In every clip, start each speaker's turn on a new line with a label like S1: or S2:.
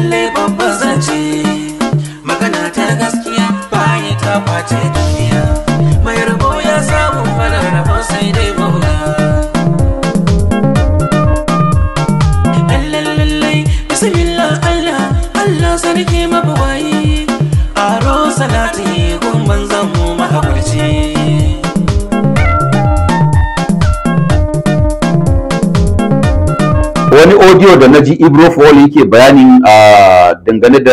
S1: lallai babba zace magana ta gaskiya baya ta kwace duniya mai rabo ya samu fara rabo sai dai maula Allah lalle bismillah Allah Allah sarki mabawayi aro salati gun manzon
S2: wani audio da naji Ibro Fall yake bayanin a dangane da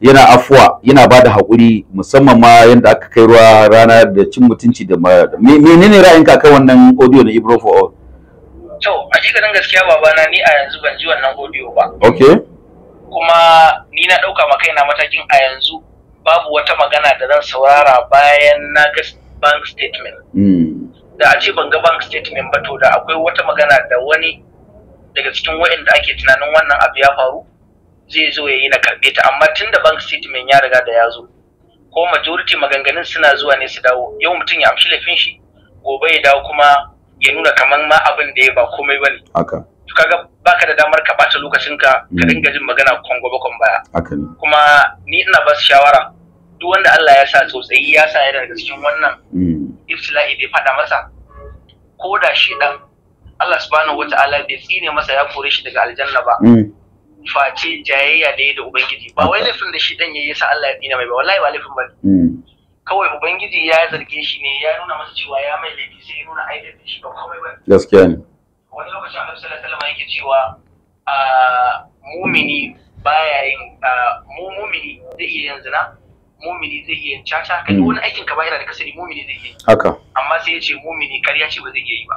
S2: yana afuwa yana ba da haƙuri musamman ma yadda aka kai ruwa rana da cin mutunci da menene ra'ayinka kan wannan audio na Ibro Fall? To, a jikanin gaskiya babana ni a yanzu ban ji wannan audio ba.
S1: Okay. Kuma ni na ɗauka ma kaina matakin a yanzu babu wata magana da zan saurara bayan na ga bank statement. Hmm. Da a ce ban ga bank statement ba to da akwai wata magana da wani daga cikin waɗanda ake tunanin wannan abu ya faru zai zo ya yi na karɓe ta amma tun da bank statement ya riga da ya zo ko majority maganganun suna zuwa ne su dawo yau mutum ya amshi laifin shi gobe ya dawo kuma ya nuna kamar ma abin da ya ba komai bane haka to kaga baka da damar ka bata lokacinka ka hmm. dinga jin magana kon gobe kon baya kuma ni ina ba su shawara duk wanda Allah ya sa tsotsayi ya sa ya daga cikin wannan hmm. ibtila'i bai faɗa masa ko da shi dan Allah subhanahu wata'ala bai tsine masa ya kore shi daga aljanna ba mm. face jayayya da ya da ubangiji ba wai laifin da shi dan yayi sa Allah ya tsine mai ba wallahi ba laifin ba mm.
S2: kawai ubangiji ya zarge shi ne ya nuna masa cewa ya mai laifi sai ya nuna aidar da shi ba komai ba gaskiya ne wani lokacin Allah sallallahu alaihi wasallam yake cewa
S1: a mumini baya yin mu mumini zai iya yin zina mumini zai iya yin caca kai mm. wani aikin ka ba yana da kasari mumini zai iya haka amma sai ya ce mumini ƙarya ce ba zai iya yi ba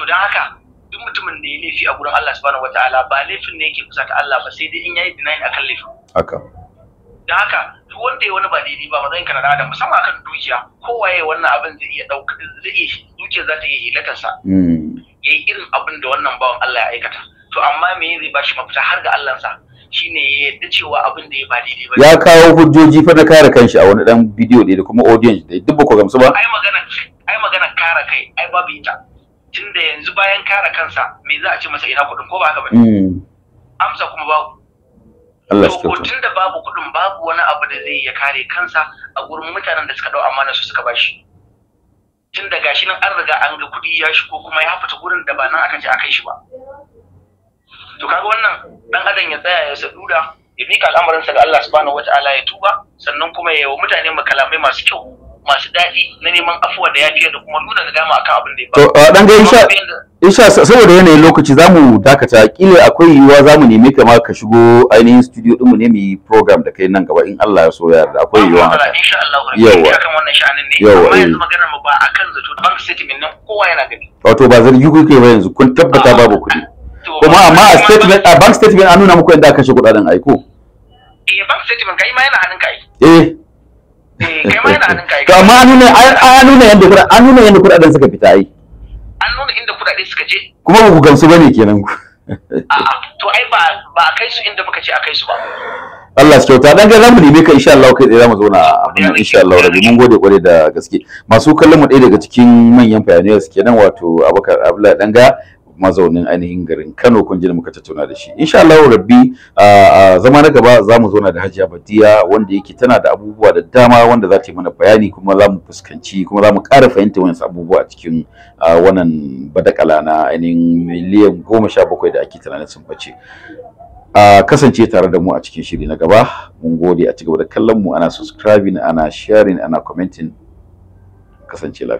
S1: to don haka duk mutumin da ya laifi a gurin Allah subhanahu wataala ba laifin ne yake kusa ta Allah ba sai dai in yayi denying akan laifin haka don haka duk wanda ya wani ba daidai ba matsayin ka kana da musamman akan dukiya waye wannan abin zai iya dauka zai iya za ta iya hilakar sa hmm. yayi irin abin da wannan bawan Allah ya aikata to amma me zai ba shi mafita har ga Allah sa shine ya yadda cewa abin da ya ba daidai ba ya kawo hujjoji fa na kare
S2: kanshi a wani dan bidiyo da kuma audience da duk ba ku gamsu ba ai magana ai magana kare
S1: kai ai babu ita tunda yanzu bayan kare kansa me za a ce masa ina kuɗin ko ba haka ba hmm. amsa kuma babu
S2: Allah shi da babu kuɗin babu wani abu da zai ya kare kansa a gurin mutanen da suka
S1: ɗau amana su suka bashi tun da gashi nan an riga an ga kuɗi ya shigo kuma ya fita gurin da ba nan aka ce a kai shi ba to kaga wannan dan adam ya tsaya ya saduda ya mika al'amarinsa ga Allah subhanahu wata'ala ya tuba sannan kuma ya yi wa mutane makalamai
S2: masu kyau masu daɗi na neman afuwa da yafiya da kuma nuna da dama akan abin da ya faru. To dan ga insha insha saboda yanayin lokaci za mu dakata kila akwai yiwuwa mu nemi kama ka shigo ainihin studio din mu ne mu program da kai nan gaba in Allah ya so ya yarda akwai yiwuwa haka. Insha Allah yawa akan wannan sha'anin ne amma yanzu eh. magana mu ba akan zato bank statement nan kowa yana gani. Wato ba zargi ke ba yanzu kun tabbata babu kuɗi. Ah, kuma amma a statement a bank statement an nuna muku yadda aka kashe kuɗaɗen aiko. Eh bank statement kai ma yana hannun ka Eh Eh, kai ma yana hannun kai to amma an nuna an nuna yanda kuɗa an nuna kuɗaɗen suka fita ai an nuna inda kuɗaɗe suka je kuma ba ku gamsu ne, kenan ku a'a to ai ba
S1: ba a kai su inda muka ce a kai su ba
S2: Allah su kyauta dan ga zamu nemi ka insha Allah kai tsaye zamu zauna a nan insha Allah rabi mun gode kware da gaske masu kallon mu ɗaya daga cikin manyan pioneers kenan wato Abubakar Abdullahi ga mazaunin ainihin garin Kano kun ji da muka tattauna da shi insha Allah rabbi zama na gaba za mu zauna da Hajiya Badiya wanda yake tana da abubuwa da dama wanda za ta yi mana bayani kuma za mu fuskanci kuma za mu ƙara fahimta wani abubuwa a cikin wannan badakala na ainihin miliyan goma sha bakwai da ake tunanin sun bace a kasance tare da mu a cikin shiri na gaba mun gode a cigaba da kallon mu ana subscribing ana sharing ana commenting kasance lafiya